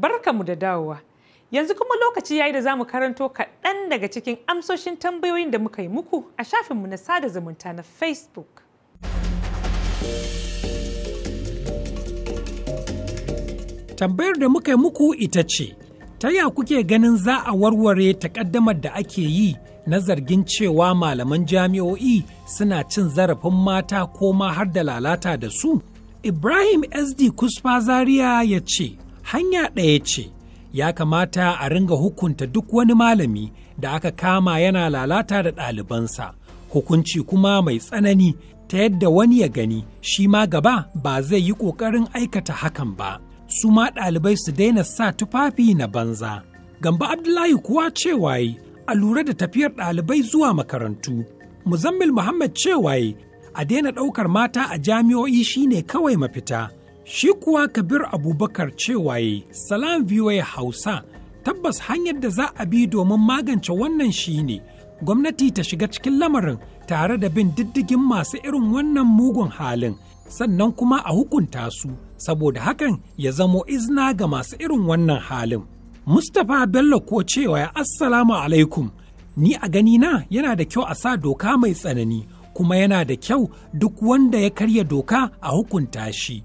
barkamu da dawowa. Yanzu kuma lokaci yayi da zamu karanto kaɗan daga cikin amsoshin tambayoyin da muka yi muku a shafinmu na sada zumunta na Facebook. Tambayar da muka yi muku ita ce, ta ya kuke ganin za a warware takaddamar da ake yi na zargin cewa malaman jami'o'i suna cin zarafin mata ko ma har da lalata da su? Ibrahim SD Kusfa Zaria ya ce, hanya ɗaya ce ya kamata a ringa hukunta duk wani malami da aka kama yana lalata da ɗalibansa hukunci kuma mai tsanani ta yadda wani ya gani shi ma gaba ba zai yi ƙoƙarin aikata hakan ba su ma ɗalibai su daina sa tufafi na banza gamba abdullahi kuwa cewa a lura da tafiyar ɗalibai zuwa makarantu muzammil muhammad cewa a daina ɗaukar mata a jami'o'i shine kawai mafita Shi kuwa Kabir Abubakar cewa yi Salam VOA Hausa tabbas hanyar da za a bi domin magance wannan shi ne gwamnati ta shiga cikin lamarin tare da bin diddigin masu irin wannan mugun halin sannan kuma a hukunta su saboda hakan ya zamo izina ga masu irin wannan halin. Mustapha Bello ko cewa ya Assalamu alaikum ni a ganina yana da kyau a sa doka mai tsanani kuma yana da kyau duk wanda ya karya doka a hukunta shi.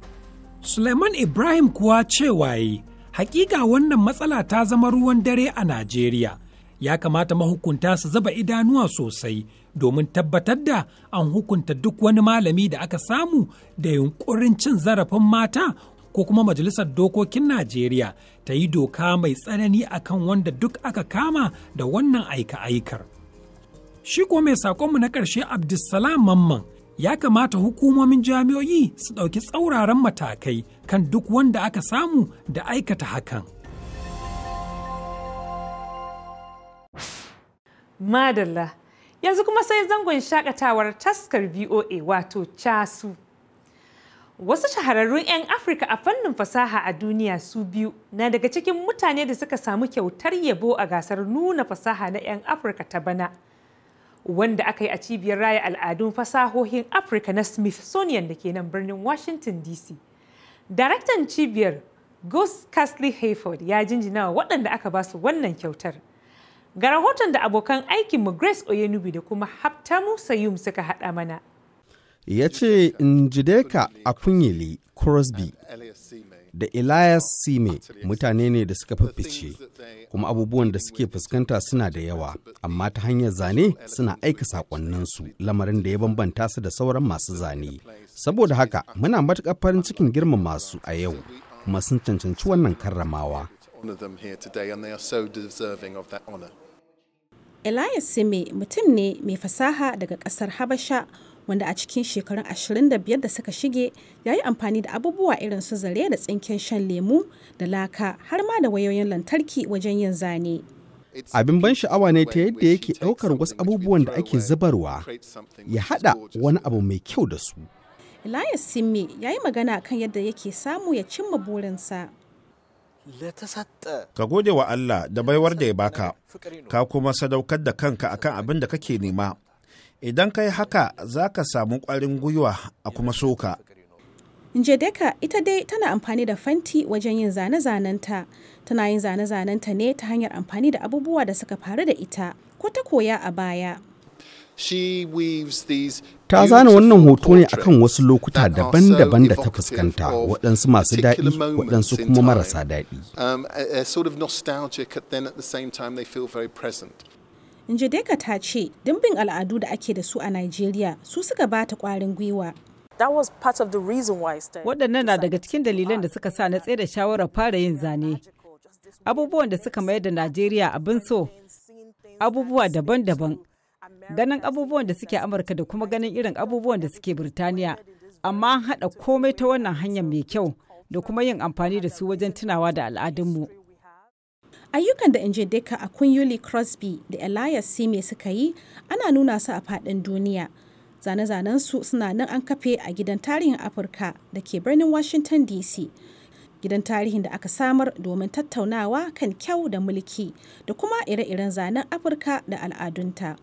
Suleiman Ibrahim kuwa cewa yi, hakika wannan matsala ta zama ruwan dare a Najeriya. Ya kamata mahukunta su zaba idanuwa sosai domin tabbatar da an hukunta duk wani malami da aka samu da yunkurin cin zarafin mata ko kuma Majalisar Dokokin Najeriya ta yi doka mai tsanani akan wanda duk aka kama da wannan aika-aikar. Shi ko mai saƙonmu na ƙarshe Abdulsalam Mamman ya kamata hukumomin jami'o'i su ɗauki tsauraran matakai kan duk wanda aka samu da aikata hakan. Madalla, yanzu kuma sai zangon shakatawar taskar VOA wato casu. Wasu shahararrun 'yan Afirka a fannin fasaha a duniya su biyu na daga cikin mutane da suka samu kyautar yabo a gasar nuna fasaha na 'yan Afirka ta bana. wanda aka yi a cibiyar raya al'adun fasahohin Afirka na Smithsonian da ke nan birnin Washington DC. Daraktan cibiyar Gus Casley Hayford ya jinjina wa waɗanda aka ba su wannan kyautar. Ga rahoton da abokan aikinmu Grace Oyenubi da kuma musa yum suka haɗa mana. Ya ce Njideka Akunyele Crosby da Elias Sime mutane ne da suka faffice kuma abubuwan da suke fuskanta suna da yawa amma ta hanyar zane suna aika sakonninsu lamarin da ya bambanta su da sauran masu zane saboda haka muna matuƙar farin cikin girma masu a yau kuma sun cancanci wannan karramawa Elias Sime mutum ne mai fasaha daga ƙasar Habasha wanda a cikin shekarun 25 da suka shige ya yi amfani da abubuwa irin su zare da tsinken shan lemu da laka har ma da wayoyin lantarki wajen yin zane. Abin ban sha'awa ne ta yadda yake ɗaukar wasu abubuwan da ake zubarwa ya haɗa wani abu mai kyau da su. Elias simmi ya yi magana kan yadda yake samu ya cimma burinsa. Ka gode wa Allah da baiwar da ya baka, ka kuma sadaukar da kanka akan abin da kake nema. idan kai haka za ka samu ƙwarin gwiwa a kuma soka. Njedeka ita dai tana amfani da fanti wajen yin zane-zanenta. Tana yin zane-zanenta ne ta hanyar amfani da abubuwa da suka faru da ita ko ta koya a baya. Ta zana wannan hoto ne akan wasu lokuta daban-daban da ta fuskanta waɗansu masu daɗi waɗansu kuma marasa daɗi. Um, Njideka ta ce dimbin al'adu da ake da su a Najeriya su suka ba ta ƙwarin gwiwa. Waɗannan na daga cikin dalilan da suka sa na tsaye da shawarar fara yin zane. Abubuwan da suka mayar da Najeriya abin so, abubuwa daban-daban. Ganin abubuwan da suke Amurka da kuma ganin irin abubuwan da suke Birtaniya, amma haɗa komai ta wannan hanyar mai kyau da kuma yin amfani da su wajen tunawa da al'adunmu. Ayyukan da deka a yuli Crosby da Elias Sime suka yi ana nuna su a fadin duniya. zane zanen su suna nan an kafe a Gidan Tarihin Afirka da ke birnin Washington DC. Gidan tarihin da aka samar domin tattaunawa kan kyau da mulki da kuma ire-iren zanen Afirka da al'adunta.